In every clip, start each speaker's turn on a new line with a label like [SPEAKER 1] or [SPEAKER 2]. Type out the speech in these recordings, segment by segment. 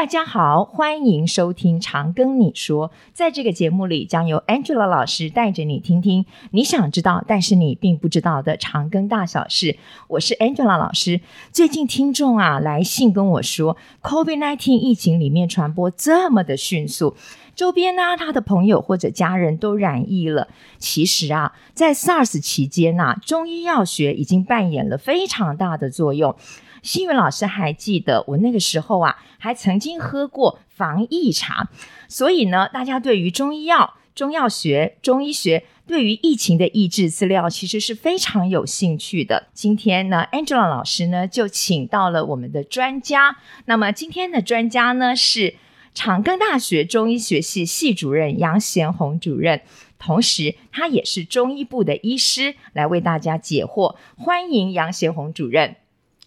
[SPEAKER 1] 大家好，歡迎收聽《長庚你說》。在這個節目裡，將由 Angela 老師帶着你聽聽你想知道，但是你並不知道的長庚大小事。我是 Angela 老師。最近聽眾啊來信跟我說，COVID-19 疫情裡面傳播這麼的迅速，周邊呢、啊，他的朋友或者家人都染疫了。其實啊，在 SARS 期間呢，中醫藥學已經扮演了非常大的作用。新宇老師還記得，我那個時候啊，還曾經喝過防疫茶。所以呢，大家對於中醫藥、中藥學、中醫學對於疫情的抑制資料，其實是非常有興趣的。今天呢，Angela 老師呢就請到了我們的專家。那麼今天的專家呢是。長庚大學中醫學系系主任楊賢鴻主任，同時他也是中醫部的醫師，來為大家解惑。歡迎楊賢鴻主任。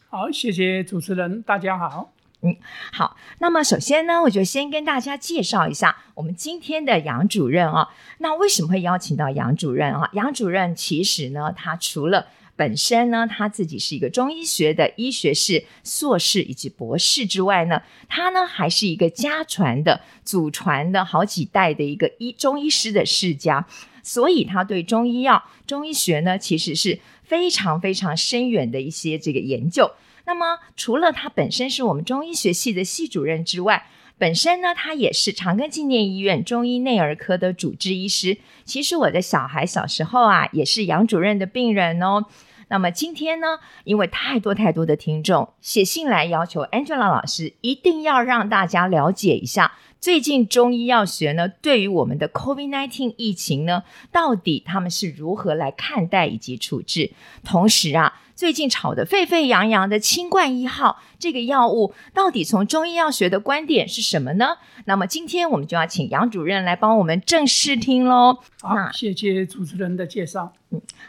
[SPEAKER 2] 好，謝謝主持人，大家好。嗯，
[SPEAKER 1] 好。那麼首先呢，我就先跟大家介紹一下我們今天的楊主任啊。那為什麼會邀請到楊主任啊？楊主任其實呢，他除了本身呢，他自己是一個中醫學的醫學士、碩士以及博士之外呢，他呢還是一個家傳的、祖傳的好幾代的一個醫中醫師的世家，所以他對中醫藥、中醫學呢其實是非常非常深遠的一些這個研究。那麼除了他本身是我們中醫學系的系主任之外，本身呢，他也是長庚紀念醫院中醫內兒科的主治醫師。其實我的小孩小時候啊，也是楊主任的病人哦。那麼今天呢，因為太多太多的聽眾寫信來要求 Angela 老師，一定要讓大家了解一下，最近中醫藥學呢，對於我們的 COVID-19 疫情呢，到底他們是如何來看待以及處置？同時啊。最近炒得沸沸揚揚的“清冠一號”這個藥物，到底從中醫藥學的觀點是什麼呢？那麼今天我們就要請楊主任來幫我們正視聽嘍。好，謝謝主持人的介紹。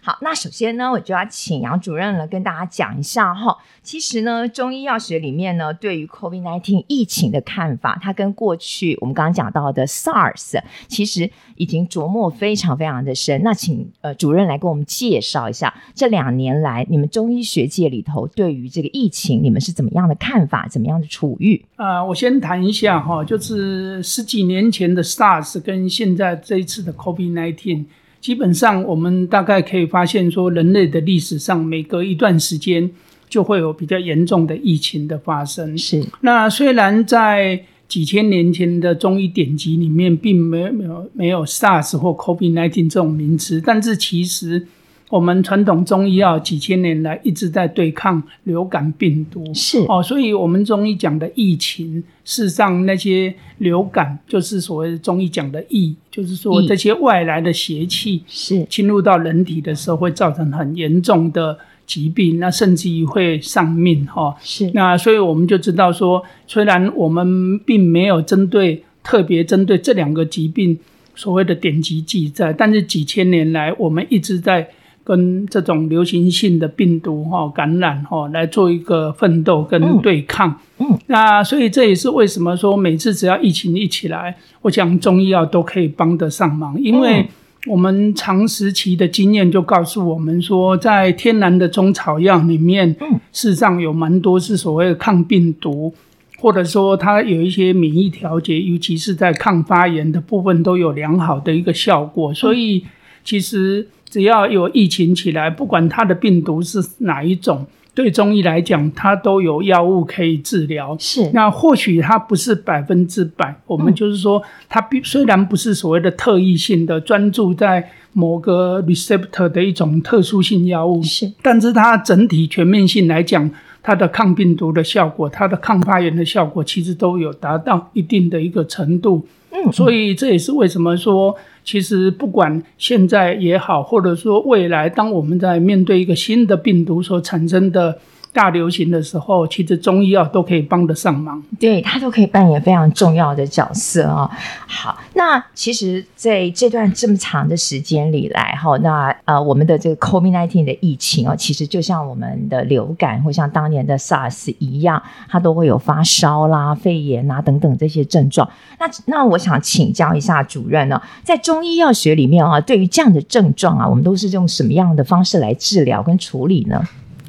[SPEAKER 1] 好，那首先呢，我就要請楊主任來跟大家講一下哈。其實呢，中醫藥學裡面呢，對於 COVID-19 疫情的看法，它跟過去我們剛剛講到的 SARS，其實已經琢磨非常非常的深。那請呃主任來給我們介紹一下，這兩年來你們中醫學界裡頭對於這個疫情，你們是怎麼樣的看法，怎麼樣的處遇？啊、呃，我先談一
[SPEAKER 2] 下哈，就是十幾年前的 SARS，跟現在這一次的 COVID-19。基本上，我們大概可以發現說人類的歷史上，每隔一段時間就會有比較嚴重的疫情的發生。是。那雖然在幾千年前的中醫典籍裡面，並沒有沒有沒有 SARS 或 COVID-19 這種名詞，但是其實。我們傳統中醫藥、哦、幾千年來一直在對抗流感病毒，是哦，所以我們中醫講的疫情，事實上那些流感就是所謂中醫講的疫、疫，就是說這些外來的邪氣侵入到人體的時候，會造成很嚴重的疾病，那甚至於會喪命哈、哦，是。那所以我們就知道說，雖然我們並沒有針對特別針對這兩個疾病所謂的典籍記載，但是幾千年來我們一直在。跟這種流行性的病毒哈、哦、感染哈、哦，來做一個奮鬥跟對抗，嗯嗯。那所以這也是為什麼說，每次只要疫情一起來，我想中醫藥都可以幫得上忙，因為我們長時期的經驗就告訴我們說，在天然的中草藥裡面，嗯，事實上有蠻多是所謂的抗病毒，或者說它有一些免疫調節，尤其是在抗發炎的部分都有良好的一個效果。所以其實。只要有疫情起來，不管它的病毒是哪一種，對中醫來講，它都有藥物可以治療。是，那或許它不是百分之百，我們就是說，嗯、它雖然不是所謂的特異性的，專注在某個 receptor 的一種特殊性藥物，是，但是它整體全面性來講，它的抗病毒的效果，它的抗發炎的效果，其實都有達到一定的一個程度。嗯，所以這也是為什麼說。其實不管現在也好，或者說未來，當我們在面對一個新的病毒所產生的大流行的時候，其實中醫藥啊，都可以幫得上忙。
[SPEAKER 1] 對，它都可以扮演非常重要的角色啊哦。好。那其實在這段這麼長的時間裡來哈，那呃我們的這個 COVID-19 的疫情哦，其實就像我們的流感或像當年的 SARS 一樣，它都會有發燒啦、肺炎吶等等這些症狀。那那我想請教一下主任呢，在中醫藥學裡面啊，對於這樣的症狀啊，我們都是用什麼樣的方式來治療跟處理呢？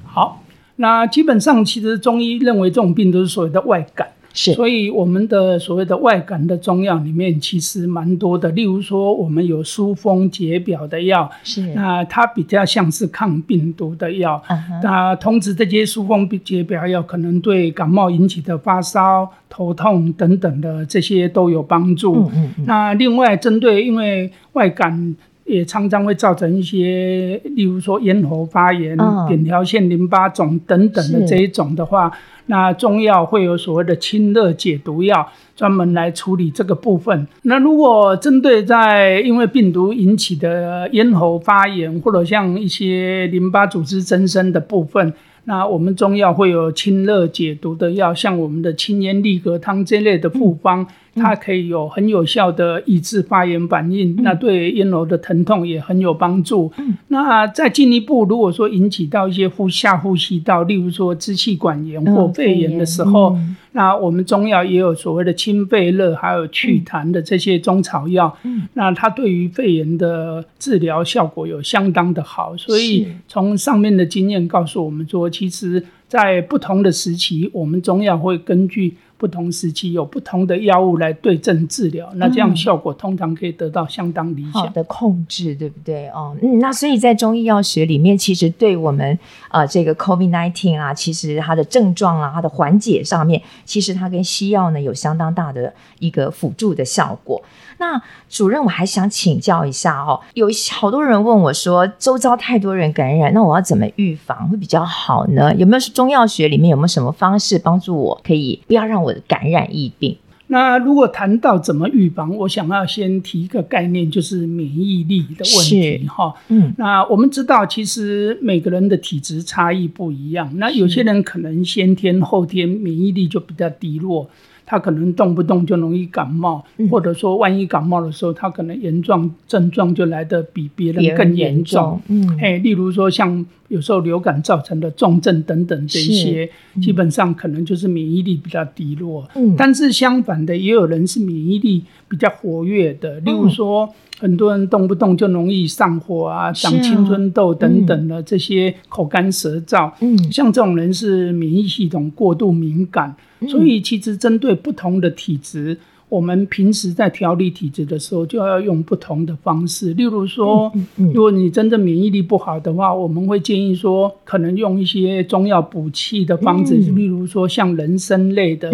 [SPEAKER 2] 好，那基本上其實中醫認為這種病都是所謂的外感。所以我們的所謂的外感的中藥裡面其實蠻多的，例如說我們有疏風解表的藥，是那它比較像是抗病毒的藥。那同時這些疏風解表藥可能對感冒引起的發燒、頭痛等等的這些都有幫助。嗯。那另外針對因為外感也常常會造成一些，例如說咽喉發炎、扁桃腺淋巴腫等等的這一種的話。那中藥會有所謂的清熱解毒藥，專門來處理這個部分。那如果針對在因為病毒引起的咽喉發炎，或者像一些淋巴組織增生的部分。那我們中藥會有清熱解毒的藥，像我們的清咽利膈湯這類的複方、嗯，它可以有很有效的抑制發炎反應，嗯、那對咽喉的疼痛也很有幫助、嗯。那再進一步，如果說引起到一些呼下呼吸道，例如說支氣管炎或肺炎的時候。嗯 okay, yeah, 嗯嗯那我們中藥也有所謂的清肺熱，還有祛痰的這些中草藥，嗯，那它對於肺炎的治療效果有相當的好，所以從上面的經驗告訴我們說，其實，在不同的時期，我們中藥會根據。不同時期有不同的藥物來對症治療，那這樣效果通常可以得到相當理想、嗯、的控制，
[SPEAKER 1] 對不對？哦，嗯，那所以在中醫藥學裡面，其實對我們啊、呃，這個 COVID nineteen 啊，其實它的症狀啊，它的緩解上面，其實它跟西藥呢有相當大的一個輔助的效果。那主任，我還想請教一下哦，有好多人問我說，周遭太多人感染，那我要怎麼預防會比較好呢？有沒有是中藥學裡面有沒有什麼方式幫助我可以不要讓我的感染疫病？
[SPEAKER 2] 那如果談到怎麼預防，我想要先提一個概念，就是免疫力的問題哈。嗯，那我們知道，其實每個人的體質差異不一樣，那有些人可能先天後天免疫力就比較低落。他可能動不動就容易感冒、嗯，或者說萬一感冒的時候，他可能嚴重症狀就來得比別人更嚴重，嚴重、嗯欸。例如說像有時候流感造成的重症等等這些、嗯，基本上可能就是免疫力比較低落、嗯。但是相反的，也有人是免疫力比較活躍的，例如說。嗯很多人動不動就容易上火啊，長青春痘等等的這些口乾舌燥、啊嗯，像這種人是免疫系統過度敏感，嗯、所以其實針對不同的體質。我們平時在調理體質的時候，就要用不同的方式。例如說，如果你真的免疫力不好的話，我們會建議說，可能用一些中藥補氣的方子，例如說像人參類的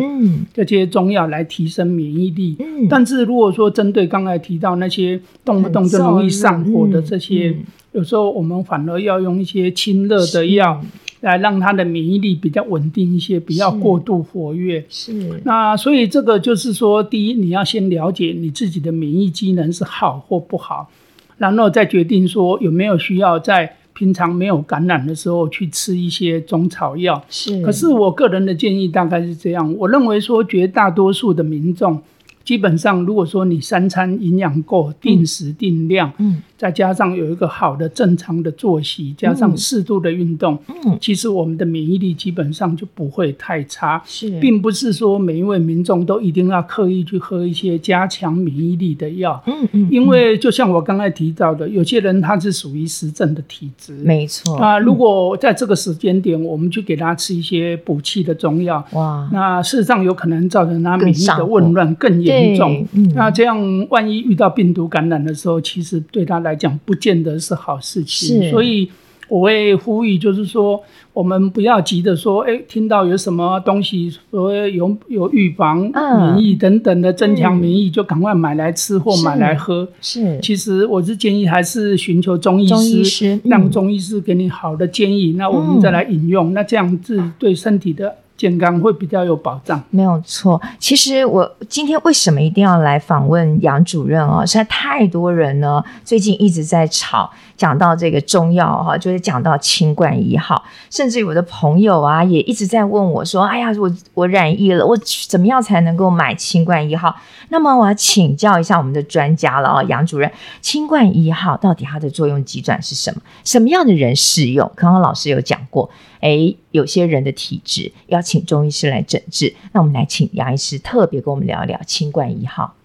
[SPEAKER 2] 這些中藥來提升免疫力。但是如果說針對剛才提到那些動不動就容易上火的這些，有時候我們反而要用一些清熱的藥。來讓他的免疫力比較穩定一些，不要過度活躍是。是。那所以這個就是說，第一，你要先了解你自己的免疫機能是好或不好，然後再決定說有沒有需要在平常沒有感染的時候去吃一些中草藥。是。可是我個人的建議大概是這樣，我認為說絕大多數的民眾，基本上如果說你三餐營養夠，定時定量。嗯。嗯再加上有一個好的正常的作息，加上適度的運動，嗯，其實我們的免疫力基本上就不會太差。是，並不是說每一位民眾都一定要刻意去喝一些加強免疫力的藥。嗯嗯。因為就像我剛才提到的，有些人他是屬於實症的體質。沒錯。啊，如果在這個時間點，我們去給他吃一些補氣的中藥，哇，那事實上有可能造成他免疫的紊亂更嚴重更、嗯。那這樣萬一遇到病毒感染的時候，其實對他來來講，不見得是好事情，所以我會呼籲，就是說，我們不要急着說，哎，聽到有什麼東西說有有預防、免疫等等的增強免疫、嗯，就趕快買來吃或買來喝。是，是其實我是建議還是尋求中醫師，嗯、讓中醫師給你好的建議，那我們再來飲用，嗯、那
[SPEAKER 1] 這樣子對身體的。健康會比較有保障，沒有錯。其實我今天為什麼一定要來訪問楊主任哦，實在太多人呢，最近一直在吵，講到這個中藥哈，就是講到清冠一號，甚至於我的朋友啊，也一直在問我說：“哎呀，我我染疫了，我怎麼樣才能夠買清冠一號？”那麼我要請教一下我們的專家了啊、哦，楊主任，清冠一號到底它的作用機轉是什麼？什麼樣的人適用？剛剛老師有講過。哎，有些人的體質要請中醫師來診治，那我們來請楊醫師特別跟我們聊一聊清冠一號。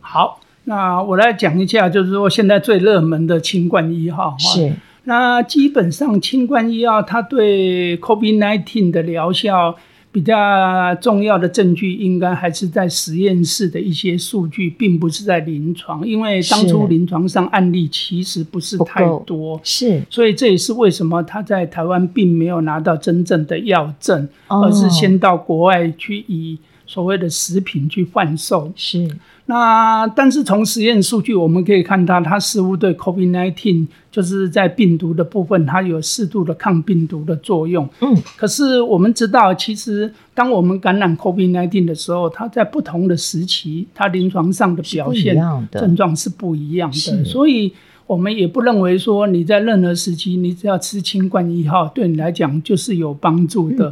[SPEAKER 2] 好，那我來講一下，就是說現在最熱門的清冠一號啊。是，那基本上清冠一號它對 COVID-19 的療效。比較重要的證據應該還是在實驗室的一些數據，並不是在臨床，因為當初臨床上案例其實不是太多，是，所以這也是為什麼他在台灣並沒有拿到真正的藥證，而是先到國外去以。所謂的食品去販售是那，但是從實驗數據，我們可以看到，它似乎對 COVID-19，就是在病毒的部分，它有適度的抗病毒的作用。嗯，可是我們知道，其實當我們感染 COVID-19 的時候，它在不同的時期，它臨床上的表現症狀是不一樣的，樣的所以。我們也不認為說你在任何時期，你只要吃清冠一號，對你來講就是有幫助的。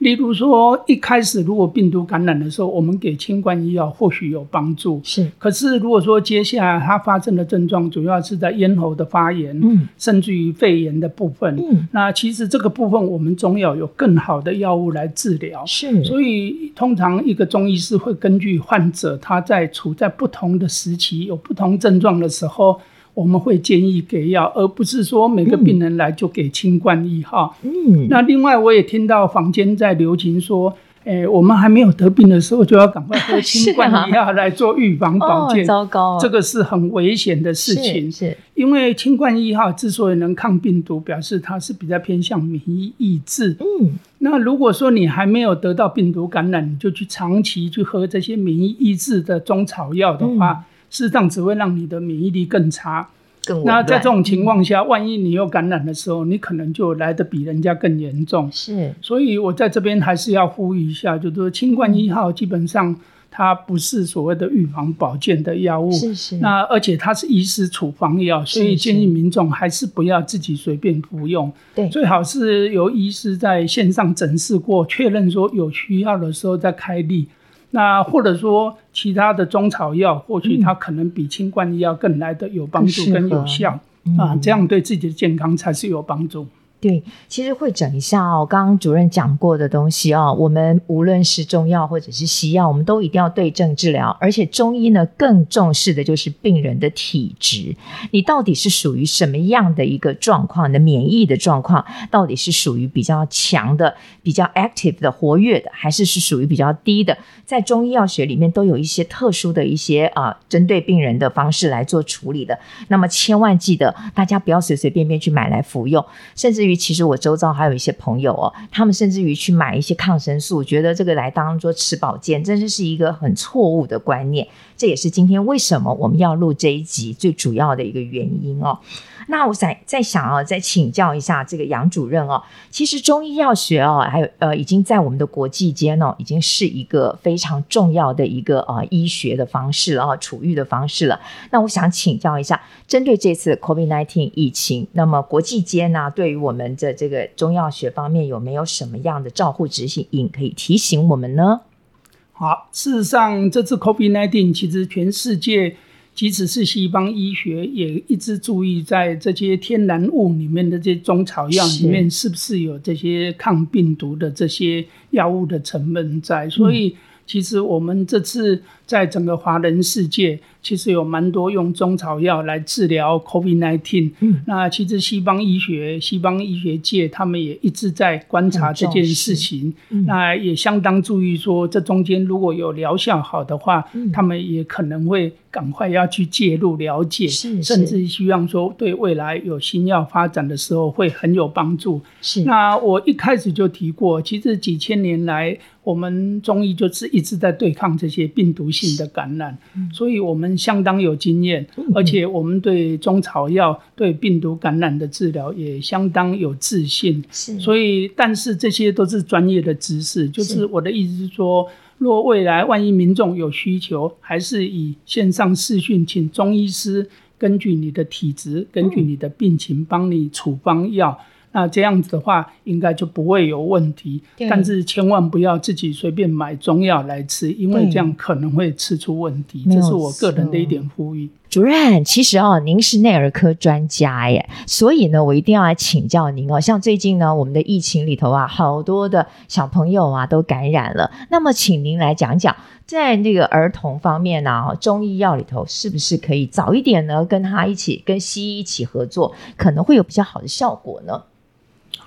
[SPEAKER 2] 例如說一開始如果病毒感染的時候，我們給清冠一號或許有幫助。是。可是如果說接下來它發生的症狀主要是在咽喉的發炎，嗯、甚至於肺炎的部分、嗯，那其實這個部分我們中藥有更好的藥物來治療。是。所以通常一個中醫師會根據患者他在處在不同的時期有不同症狀的時候。我們會建議給藥，而不是說每個病人來就給清冠一號。嗯、那另外我也聽到坊間在流行說、欸，我們還沒有得病的時候就要趕快喝清冠一號來做預防保健。啊哦、糟糕，這個是很危險的事情是。是，因為清冠一號之所以能抗病毒，表示它是比較偏向免疫抑制。嗯，那如果說你還沒有得到病毒感染，你就去長期去喝這些免疫抑制的中草藥的話。嗯適當只會讓你的免疫力更差，更那在這種情況下，萬一你又感染的時候，你可能就來得比人家更嚴重。是，所以我在這邊還是要呼籲一下，就是說，清冠一號基本上它不是所謂的預防保健的藥物，是是，那而且它是醫師處方藥，所以建議民眾還是不要自己隨便服用，最好是由醫師在線上診視過，確認說有需要的時候再開立。那或者說其他的中草藥，或許它可能比清冠醫藥更來得有幫助、跟有效啊，這樣對自己的健康才是有幫助。
[SPEAKER 1] 對，其實彙整一下哦。剛剛主任講過的東西哦，我們無論是中藥或者是西藥，我們都一定要對症治療。而且中醫呢，更重視的就是病人的體質，你到底是屬於什麼樣的一個狀況？的免疫的狀況到底是屬於比較強的、比較 active 的、活躍的，還是是屬於比較低的？在中醫藥學裡面，都有一些特殊的一些啊、呃，針對病人的方式來做處理的。那麼千萬記得，大家不要隨隨便便去買來服用，甚至於。其實我周遭還有一些朋友哦，他們甚至於去買一些抗生素，覺得這個來當做吃保健，真的是一個很錯誤的觀念。這也是今天為什麼我們要錄這一集最主要的一個原因哦。那我想再想啊，再請教一下這個楊主任哦、啊，其實中醫藥學哦、啊，還有呃，已經在我們的國際間哦、啊，已經是一個非常重要的一個呃、啊、醫學的方式啊，治癒的方式了。那我想請教一下，針對這次 COVID-19 疫情，那麼國際間呢、啊，對於我們我們在這個中藥學方面有沒有什麼樣的照護指引可以提醒我們呢？好，事實上，這次
[SPEAKER 2] COVID-19，其實全世界即使是西方醫學也一直注意在這些天然物裡面的這些中草藥裡面，是，是不是有這些抗病毒的這些藥物的成分在？所以，嗯，其實我們這次在整個華人世界。其實有蠻多用中草藥來治療 COVID-19。嗯。那其實西方醫學、西方醫學界他們也一直在觀察這件事情，嗯。那也相當注意說，這中間如果有療效好的話，嗯，他們也可能會趕快要去介入了解，甚至希望說對未來有新藥發展的時候會很有幫助。是。那我一開始就提過，其實幾千年來我們中醫就是一直在對抗這些病毒性的感染，所以我們。相當有經驗，而且我們對中草藥對病毒感染的治療也相當有自信。是，所以但是這些都是專業的知識。就是我的意思是說，若未來萬一民眾有需求，還是以線上視訊，請中醫師根據你的體質、根據你的病情幫你處方藥。那這樣子的話，應該就不會有問題。但是千萬不要自己隨便買中藥來吃，因為這樣可能會吃出問題。這是我個人的一點呼籲。
[SPEAKER 1] 主任，其實啊、哦，您是內兒科專家耶，所以呢，我一定要來請教您哦。像最近呢，我們的疫情裡頭啊，好多的小朋友啊都感染了。那麼，請您來講講，在那個兒童方面呢、啊，中醫藥裡頭是不是可以早一點呢，跟他一起跟西醫一起合作，可能會有比較好的效果呢？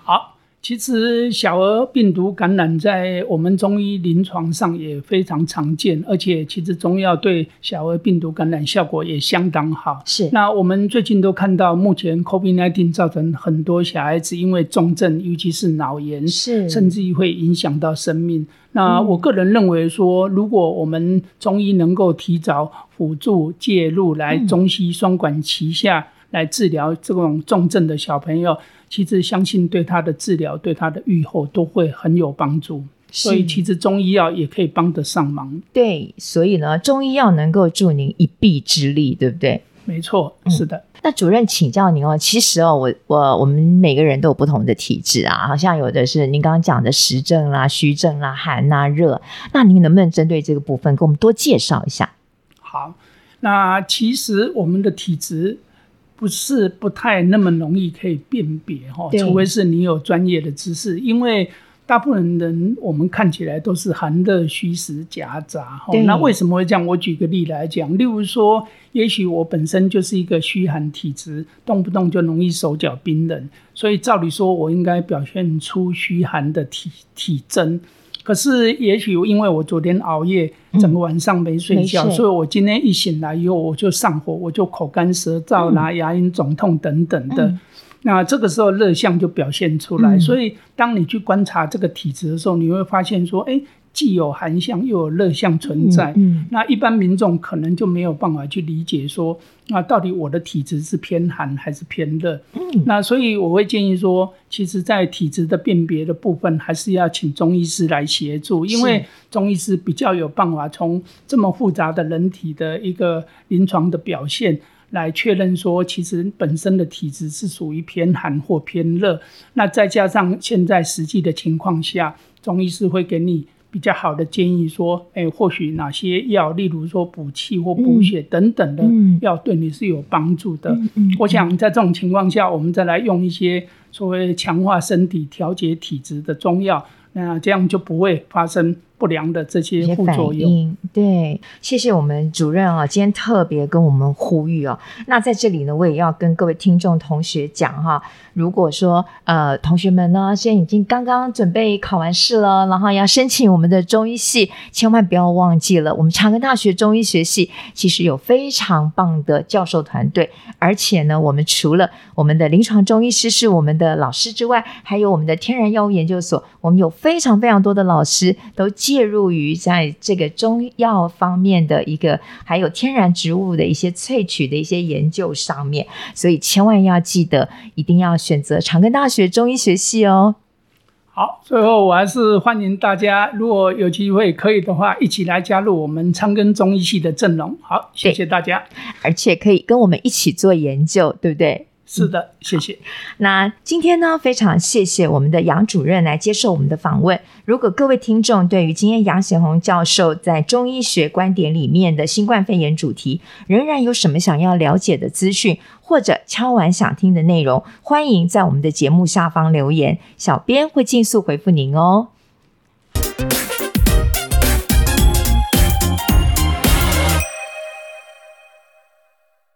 [SPEAKER 2] 好，其實小兒病毒感染在我們中醫臨床上也非常常見，而且其實中藥對小兒病毒感染效果也相當好。是。那我們最近都看到，目前 COVID-19 造成很多小孩子因為重症，尤其是腦炎，是，甚至於會影響到生命。那我個人認為說，嗯、如果我們中醫能夠提早輔助介入，來中西雙管齊下。嗯來治療這種重症的小朋友，其實相信對他的治療、對他的預後都會很有幫助。所以其實中醫藥也可以幫得上忙。
[SPEAKER 1] 對，所以呢，中醫藥能夠助您一臂之力，對不對？沒錯，嗯、是的。那主任，請教您哦，其實哦，我我我們每個人都有不同的體質啊，好像有的是您剛剛講的實症啦、啊、虛症啦、啊、寒啊、熱，那您能不能針對這個部分給我們多介紹一下？
[SPEAKER 2] 好，那其實我們的體質。不是不太那麼容易可以辨別哈，除非是你有專業的知識。因為大部分人我們看起來都是寒熱虛實夾雜。對。那為什麼會這樣？我舉個例來講，例如說，也許我本身就是一個虛寒體質，動不動就容易手腳冰冷，所以照理說我應該表現出虛寒的體體徵。可是，也許因為我昨天熬夜，嗯、整個晚上沒睡覺，沒錯，所以我今天一醒來以後，我就上火，我就口乾舌燥啦，嗯，牙齦腫痛等等的，嗯。那這個時候熱象就表現出來。嗯、所以，當你去觀察這個體質的時候，你會發現說，哎、欸。既有寒象又有熱象存在。嗯嗯，那一般民眾可能就沒有辦法去理解說，那到底我的體質是偏寒還是偏熱？嗯。那所以我會建議說，其實，在體質的辨別的部分，還是要請中醫師來協助，因為中醫師比較有辦法從這麼複雜的人體的一個臨床的表現來確認說，其實本身的體質是屬於偏寒或偏熱。那再加上現在實際的情況下，中醫師會給你。比較好的建議說，哎、欸，或許哪些藥，例如說補氣或補血等等的藥，嗯、要對你是有幫助的，嗯嗯嗯。我想在這種情況下，我們再來用一些所謂強化身體、調節體質的中藥，
[SPEAKER 1] 那這樣就不會發生。不良的這些副作用反應。對，謝謝我們主任啊，今天特別跟我們呼籲啊。那在這裡呢，我也要跟各位聽眾同學講哈、啊，如果說呃，同學們呢，現在已經剛剛準備考完試了，然後要申請我們的中醫系，千萬不要忘記了，我們長庚大學中醫學系其實有非常棒的教授團隊，而且呢，我們除了我們的臨床中醫師是我們的老師之外，還有我們的天然藥物研究所，我們有非常非常多的老師都介入於在這個中藥方面的一個，還有天然植物的一些萃取的一些研究上面，所以千萬要記得，一定要選擇長庚大學中醫學系哦。好，
[SPEAKER 2] 最後我還是歡迎大家，如果有機會可以的話，一起來加入我們長庚中醫
[SPEAKER 1] 系的陣容。好，謝謝大家，對，而且可以跟我們一起做研究，對不對？是的，嗯、謝謝。那今天呢，非常謝謝我們的楊主任來接受我們的訪問。如果各位聽眾對於今天楊賢鴻教授在中醫學觀點裡面的新冠肺炎主題，仍然有什麼想要了解的資訊，或者敲碗想聽的內容，歡迎在我們的節目下方留言，小編會盡速回復您哦。